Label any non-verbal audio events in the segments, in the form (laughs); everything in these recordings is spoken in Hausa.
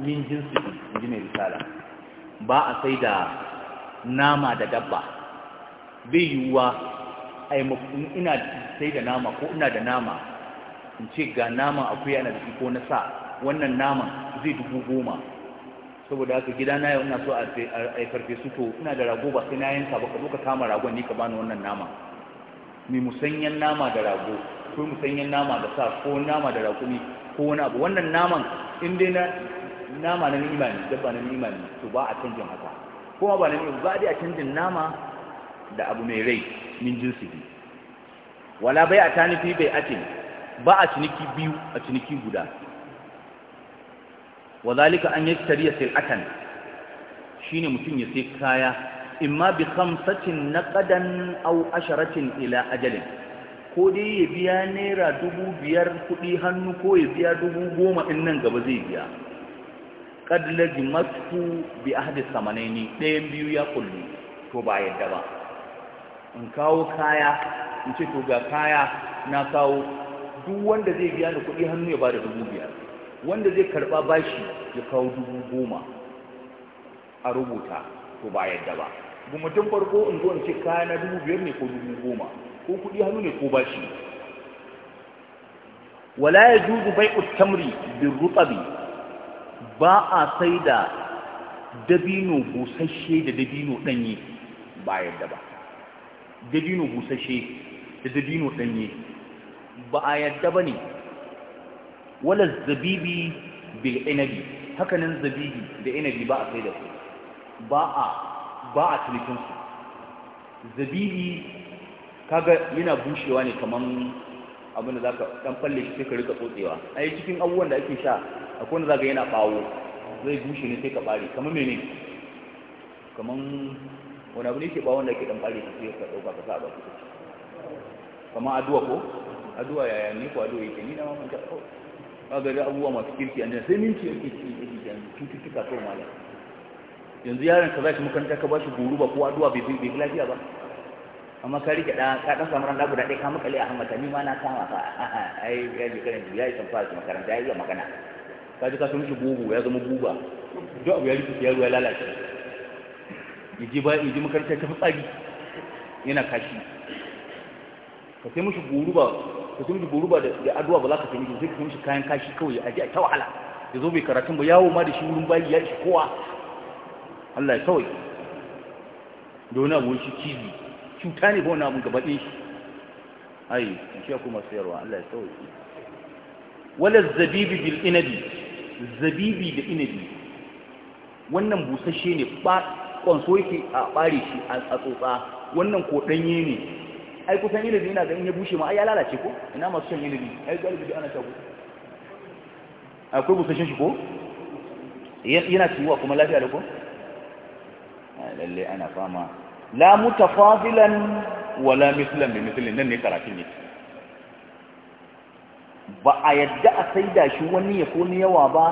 min jinsi inji mai risala ba a sai da nama da dabba bai yiwuwa ina sai da nama ko ina da nama in ce ga nama akwai na da ko na sa wannan naman zai dubu goma saboda haka gida na yau ina so a farfe su to ina da rago ba sai na yanka ba ka zo ka kama ragon ni ka bani wannan nama mai musanyen nama da rago ko musanyen nama da sa ko nama da rago ne ko wani abu wannan naman in dai na nama na imani da dabba na imani to ba a canjin haka kuma ba na ni'ima ba dai a canjin nama da abu mai rai min jinsi wala bai a tanifi bai ake ba a ciniki biyu a ciniki guda wa zalika an yaktari sil'atan shine mutum ya sai kaya imma bi khamsatin naqadan aw asharatin ila ajalin ko dai ya biya naira dubu biyar kuɗi hannu ko ya biya dubu goma in nan gaba zai biya kad masu bi ahdi samanaini ɗayan biyu ya kullu to ba yadda ba in kawo kaya in ce to ga kaya na kawo duk wanda zai biya ni kuɗi hannu ya bada dubu biyar wanda zai karɓa bashi ya kawo dubu goma a rubuta to ba yadda ba bu mutum farko in zo in ce kaya na dubu biyar ne ko dubu goma ko kuɗi hannu ne ko bashi wala ya بيع التمر بالرطب bin ba a sai da dabino busasshe da dabino ɗanye ba yadda ba dabino busasshe da dabino ɗanye ba a yadda ba ne wala zabibi bil inabi hakanan zabibi da inabi ba a sai da su ba a ba a cinikinsu zabibi kaga yana bushewa ne kaman abin da za ka ɗan falle shi sai ka rika tsotsewa a yi cikin abubuwan da ake sha akwai wanda zaga yana bawo zai bushe ne sai ka bare kamar mene kamar wani abu ne ke bawon da ke dan bare sai ka dauka ka sa a baki kamar addu'a ko addu'a yaya ne ko addu'a yake ni na mamman ta ko ba ga abubuwa masu kirki a sai minci yake ci yake ci cututtuka ko malam yanzu yaron ka zaki makaranta ka bashi guru ba ko addu'a bai bai lafiya ba amma ka rike ɗan ka ɗan samu ran guda ɗaya ka makale a hamata ni ma na kama fa ai ya ji karin ya yi tamfa makaranta ya yi magana ka ji ka sun shi gogo ya zama guba duk abu ya rikice yaro ya lalace ya ji ba ya ji makaranta ta fitsari yana kashi ka sai mishi goruba ka sai mishi goruba da addu'a ba za ka sai sai ka sai mishi kayan kashi kawai a ji a ta wahala ya zo bai karatun ba yawo ma da shi wurin bayi ya ishi kowa Allah ya kawai da wani abu shi cizi cuta ne ba wani abu gaba ɗin shi ai shi ya kuma sayarwa Allah ya kawai wala zabibi bil inabi zabibi da inabi wannan busashe ne kwanso yake a bare shi a tsotsa wannan ko danye ne ai kusan inabi ina ganin ya bushe ma ai ya lalace ko ina masu shan inabi ai galibi da ana shago akwai busashe shi ko yana ciwuwa kuma lafiya da ko lalle ana fama la mutafadilan wala mislan bi mislin nan ne karatun ne ba a yadda a saida shi wani ya ko ni yawa ba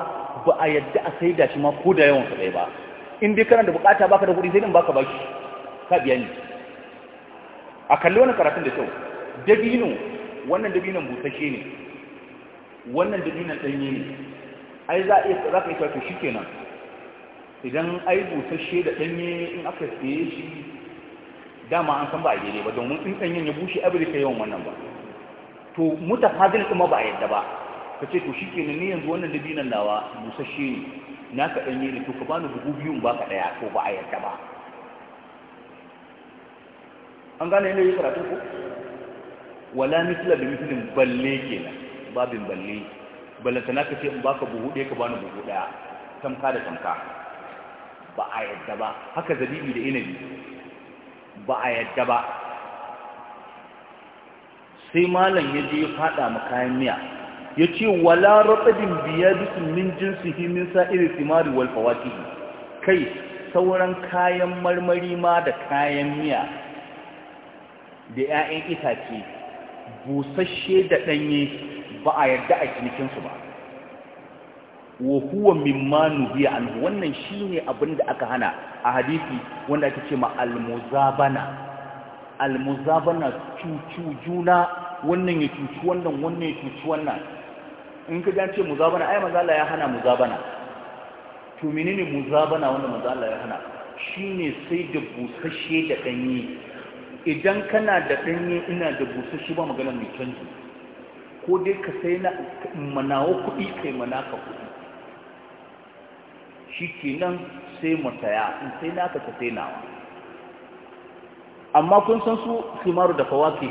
ba a yadda a saida shi ma ko da yawan sa ba in dai kana da bukata baka da kuɗi sai din baka shi, ka biya ni a kalli wannan karatun da kyau dabino wannan dabinon busashe ne wannan dabinon danye ne ai za a iya za ka yi to shikenan idan ai busashe da danye in aka tsaye shi dama an san ba a daidai ba domin in danyen ya bushe abin da yawan wannan ba to mutafadil kuma ba yadda ba ka ce to shi ke ni yanzu wannan dabinan nawa musashe ne na ka ɗanye ne to ka bani buhu biyun ba ka ɗaya ko ba a yadda ba an gane yadda yi karatu ko wala mitla da mitlin balle kenan babin balle ballanta na ka ce in baka buhu ɗaya ka bani buhu ɗaya tamka da tamka ba a yadda ba haka zabibi da inabi ba a yadda ba sai malam ya je ya fada ma kayan miya ya ce wala rabadin biya bisun min jinsihi min sa'iri simari wal fawatihi kai sauran kayan marmari ma da kayan miya da 'ya'yan itace busasshe da ɗanye ba a yarda a cinikinsu ba wa huwa mimma nuhiya an wannan shine abin da aka hana a hadisi wanda ake ce ma almuzabana almuzabana cucu juna wannan ya cucu wannan wannan ya cucu wannan in ka gance muzabana ai maza Allah ya hana muzabana to menene muzabana wanda maza Allah ya hana shine sai da busasshe da danyi idan kana da danyi ina da busasshe ba magana mai canji ko dai ka sai na manawo kuɗi kai manaka kuɗi shikenan sai mu taya in sai naka ka sai nawa amma kun san su kimaru da fawaki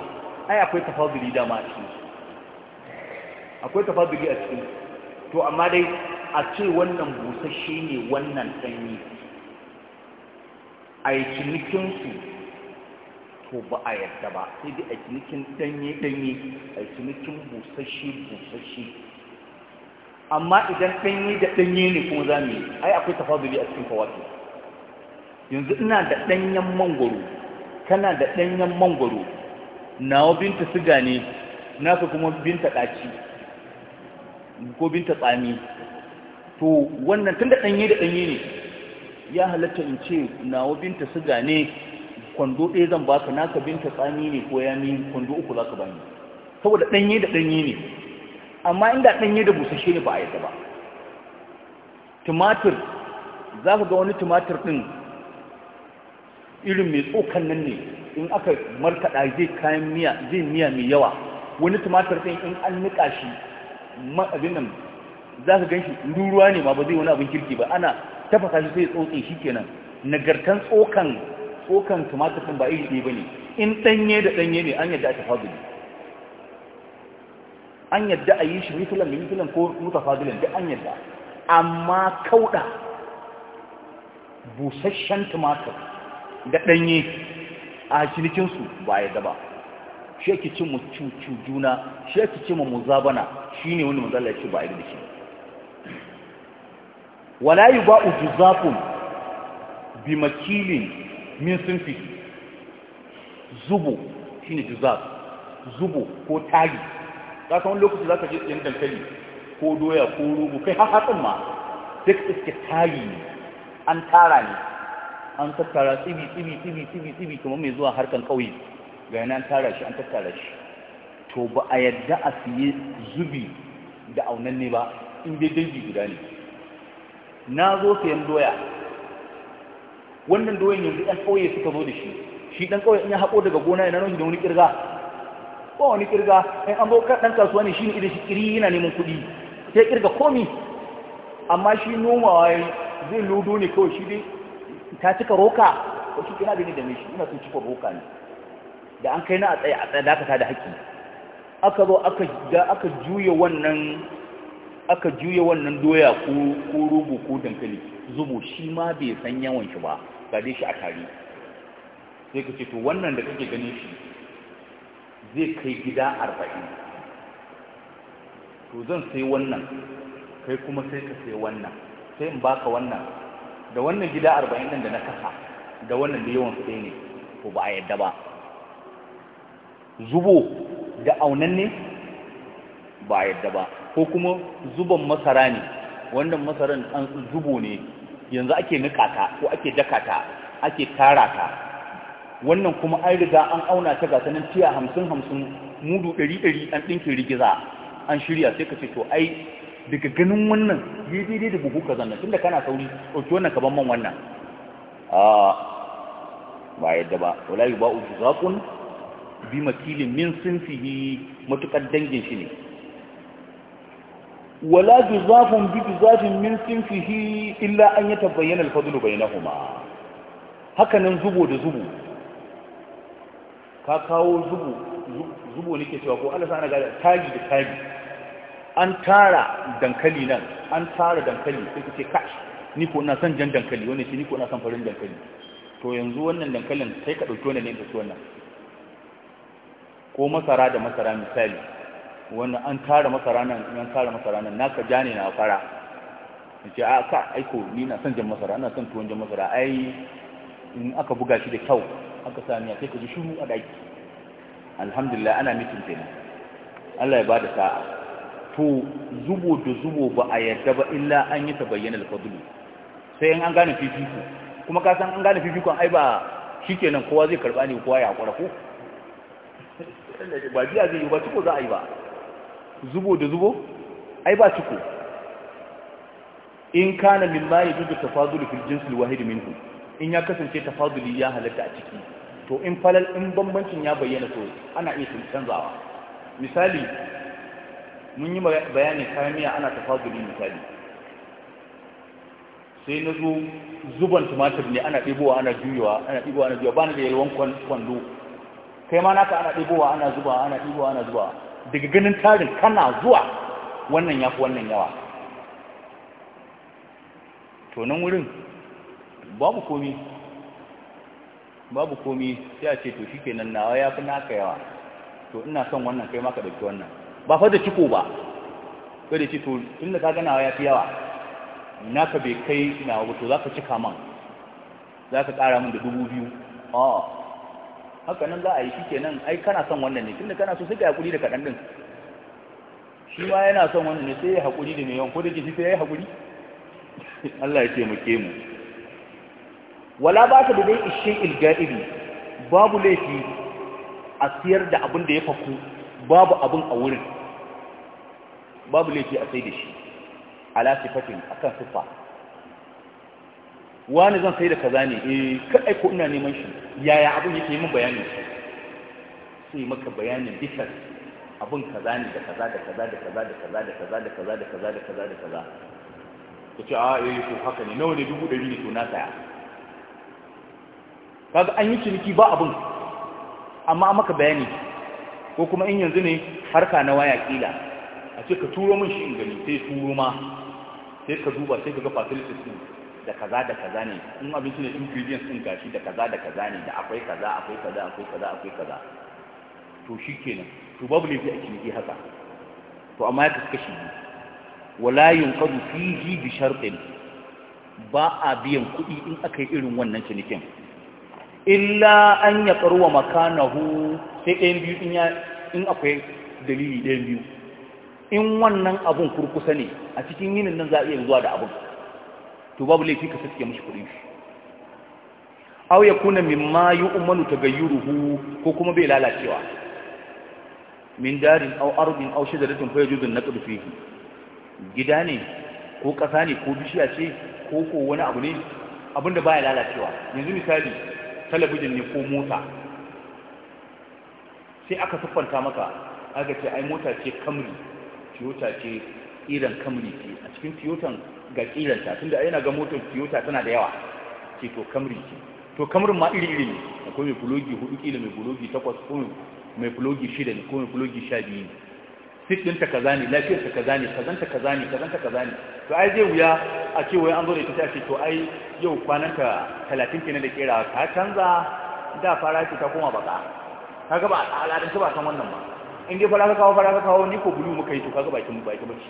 ai akwai tafabili dama ce. akwai tafabili a cikin to amma dai a ce wannan busasshe ne wannan sanyi a yi cinikin su to ba a yadda ba sai dai a cinikin danye danye a yi cinikin busasshe busasshe amma idan danye da danye ne kuma za mu yi ai akwai tafabili a cikin fawaki yanzu ina da danyen mangoro kana da ɗanyen mangwaro nawa binta siga ne Naka kuma binta ɗaci ko binta tsami to wannan tun da ɗanye da ɗanye ne ya halatta in ce nawa binta siga ne kwando ɗaya zan baka naka binta tsami ne ko ya ne? kwando uku za ka bani saboda ɗanye da ɗanye ne amma inda ɗanye da busashe ne ba a yadda ba tumatir za ka ga wani tumatir ɗin irin mai tsokan nan ne in aka markaɗa zai kayan miya zai miya mai yawa wani tumatir ɗin in an niƙa shi abin nan za ka gan shi ruruwa ne ma ba zai wani abin kirki ba ana tafasa shi sai tsotsin shi kenan nagartan tsokan tsokan tumatir ɗin ba iri ɗaya ba ne in ɗanye da ɗanye ne an yadda a tafaduli an yadda a yi shi mitulan da mitulan ko mutafadulin da an yadda amma kauɗa busasshen tumatir da ɗanye a cinikinsu ba ya daba shi yake cin mu cucu juna shi yake cin mu muzabana shi ne wani mazala ya ce ba a yi da shi wala yi ba zafin bi makilin min fi zubo shi ne juzaf zubo ko tari. za ka wani lokaci za ka je yan dankali ko doya ko rubu kai har hatsin ma duk iske tagi ne an tara ne an tattara tsibi tsibi tsibi tsibi tsibi kuma mai zuwa harkan ƙauye ga yana tara shi an tattara shi to ba a yadda a siye zubi da aunanne ba in dai dangi guda ne na zo sayan doya wannan doyan yanzu ɗan ƙauye suka zo da shi shi ɗan ƙauye in ya haƙo daga gona yana nufi da wani ƙirga ba wani ƙirga in an bauka ɗan kasuwa ne shi ne idan shi ƙiri yana neman kuɗi sai ƙirga komi amma shi nomawa ya zai lodo ne kawai shi dai ta cika roka ko shi kina bin da mishi ina so cika roka ne da an kai na a tsaya a tsaya dakata da haƙi aka zo aka da aka juye wannan aka juye wannan doya ko ko rugu ko dankali zubo shi ma bai san yawan shi ba Ba dai shi a tare sai ka ce to wannan da kake ganin shi zai kai gida arba'in to zan sai wannan kai kuma sai ka sai wannan sai in baka wannan da wannan gida arba'in nan da na kasa da wannan da yawan ɗaya ne to ba a yadda ba zubo da aunan ne ba a yadda ba ko kuma zuban masara ne wannan masaran an zubo ne yanzu ake nikata ko ake dakata ake tara ta wannan kuma an riga an auna ta ga sanin tiya hamsin hamsin mudu ɗari ɗari an ɗinkin rigiza an shirya sai ka ce to ai daga ganin wannan yi daidai da buhu kazan tun tunda kana sauri ɗauki wannan ka ban man wannan a ba yadda ba wala yi ba'u zaƙun bi makilin min sun fi matuƙar dangin shi ne wala zafin bi zafin min sun sinfihi illa an ya tabbayyana alfadlu bainahuma haka nan zubo da zubo ka kawo zubo zubo ke cewa ko Allah sa ana gada tagi da tagi an tara dankali nan an tara dankali sai kace ce kashi ni ko na san jan dankali wani shi ni ko na san farin dankali to yanzu wannan dankalin sai ka ɗauki wannan ne ka ci wannan ko masara da masara misali wannan an tara masara nan an tara masara nan naka ja na fara in a ah, ka aiko ni na san jan masara ina san tuwon jan masara ai in aka buga shi da kyau aka sami sai ka ji shiru a daki alhamdulillah ana mitin ne. Allah ya bada sa'a to zubo da zubo ba a yarda ba illa an yi ta bayyana alfadulu sai an gane fifiko kuma ka san an gane fifikon ai ba shikenan kowa zai karba ne kowa ya hakura ko ba biya zai yi ba ciko za a yi ba zubo da zubo ai ba ciko in kana min ma yajudu tafadulu fil jinsi alwahid minhu in ya kasance tafaduli ya halatta a ciki to in falal in bambancin ya bayyana to ana iya canzawa misali mun yi bayanin kayan miya ana tafazuli misali sai na zo zuban tumatir ne ana ɗibowa ana juyowa ana ɗibowa ana juyowa ba ni da yalwan kwando kai ma naka ana ɗibowa ana zuba ana ɗibowa ana zuba daga ganin tarin kana zuwa wannan ya fi wannan yawa to nan wurin babu komi babu komi sai a ce to shi kenan nawa ya fi naka yawa to ina son wannan kai ma ka ɗauki wannan ba fa da ciko ba sai da ce to tun da ka ganawa ya fi yawa naka bai kai na wato za ka cika man za ka ƙara min da dubu biyu a ah, haka nan za a yi shi kenan ai kana son wannan ne tun da kana so sai ka hakuri da kaɗan ɗin shi ma yana son wannan ne sai ya haƙuri da mai yawan ko da ke sai ya yi haƙuri (laughs) Allah ya taimake mu wala ba ta da dai ishe ilga'ibi babu laifi a siyar da abin da ya fako babu abun a wurin babu laifi a sai da shi ala sifatin akan sifa wani zan sai da kaza ne eh ka aiko ina neman shi yaya abun yake min bayanin shi sai maka bayanin bisan abun kaza ne da kaza da kaza da kaza da kaza da kaza da kaza da kaza da kaza da kaza ka ce a ah, eh ko haka ne nawa ne dubu ɗari ne to na saya kaga an yi ciniki ba abin, amma maka bayani ko kuma in yanzu ne harka na waya kila a ce ka turo min shi in gani sai turo ma sai ka duba sai ka ga facilities din da kaza da kaza ne in abinci ne ingredients din gashi da kaza da kaza ne da akwai kaza akwai kaza akwai kaza akwai kaza to shikenan to babu laifi a ciniki haka to amma ya kaskashi ne wala yunqadu fihi bi shartin ba a biyan kuɗi in aka yi irin wannan cinikin illa an ya makana makanahu sai ɗayan biyu in akwai dalili ɗayan biyu in wannan abun kurkusa ne a cikin yinin nan za a iya zuwa da abun to babu laifi ka suke mashi kudin shi aw ya kuna mimma yu'manu ruhu ko kuma bai lalacewa min darin aw ardin aw shajaratin fa yajuzu na naqd gida ne ko kasa ne ko bishiya ce ko ko wani abu ne abinda baya lalacewa yanzu misali talabijin ne ko mota sai aka siffanta maka aka ce ai mota ce kamri toyota ce irin kamri ce a cikin Toyota ga kiranta tunda yana ga motar toyota tana da yawa ce to kamri ce to kamrin ma iri iri ne akwai mai bulogi hudu kila mai bulogi takwas ko mai bulogi shida ne ko mai bulogi sha biyu ne fit ɗinta kaza ne lafiyarta kaza ne kazanta kaza ne kazanta kaza ne to ai zai wuya a ce wai an zo da ita ta ce to ai yau kwananta talatin kenan da kera ta canza da fara ce ta koma baka ka ga ba a al'adun ta ba san wannan ba in dai fara ka kawo fara ka kawo ni ko bulu muka yi to ka ga bakin baki bace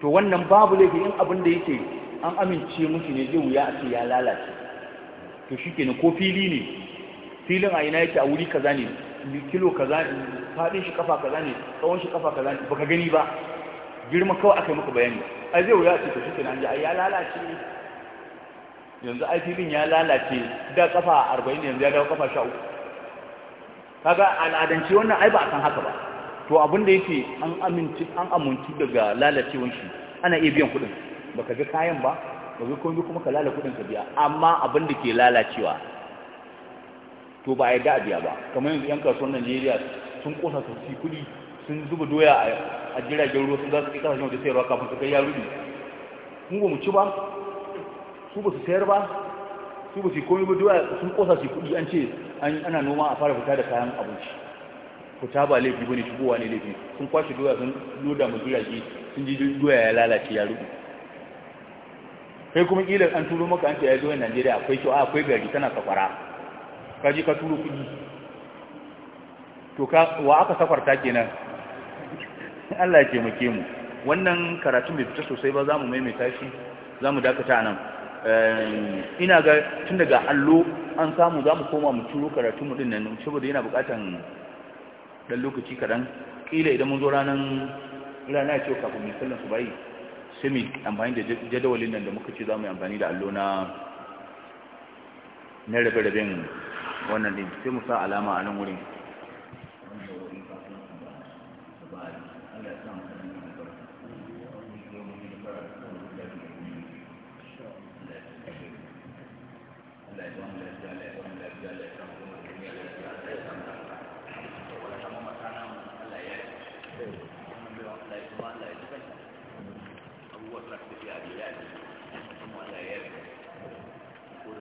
to wannan babu laifi in abin da yake an amince mushi ne zai wuya a ce ya lalace to shikenan ko fili ne filin a ina yake a wuri kaza ne kilo kaza ne faɗin shi kafa kaza ne tsawon shi kafa kaza ne baka gani ba girma kawai aka yi maka bayani A zai wuya ce ta shi kenan ji ai ya lalace yanzu ai filin ya lalace da kafa arba'in yanzu ya dawo kafa sha uku kaga al'adance wannan ai ba a san haka ba to abin da yake an aminci an amunci daga lalacewan shi ana iya biyan kuɗin baka ga kayan ba ba ga komai kuma ka lalace kuɗin ka biya amma abin da ke lalacewa to ba a yi biya ba kamar yanzu yan kasuwar najeriya sun kosa su ci kuɗi sun zuba doya a jiragen ruwa sun za su kai kasashen waje sayarwa kafin su kai ya rubi mu ba mu ci ba su ba su sayar ba su ba su komai ba doya sun kosa su kuɗi an ce ana noma a fara fita da kayan abinci fita ba laifi ba ne shigowa ne laifi sun kwashe doya sun loda mu jirage sun ji doya ya lalace ya rubi kai kuma kila an turo maka an ce ya doya najeriya akwai kyau akwai gari tana safara ka je ka turo kuɗi to ka wa aka safarta kenan (laughs) Allah ya taimake mu wannan karatu bai fita sosai ba za mu maimaita shi za mu dakata nan ehm, ina ga tun daga allo an samu za mu koma mu turo karatun mu nan saboda yana bukatan dan lokaci kaɗan ƙila idan mun zo ranar rana ce kafin mai sallan su bayi sai amfani da jadawalin nan da muka ce za mu yi amfani da allo na na rabe-raben wannan din sai mu sa alama a nan wurin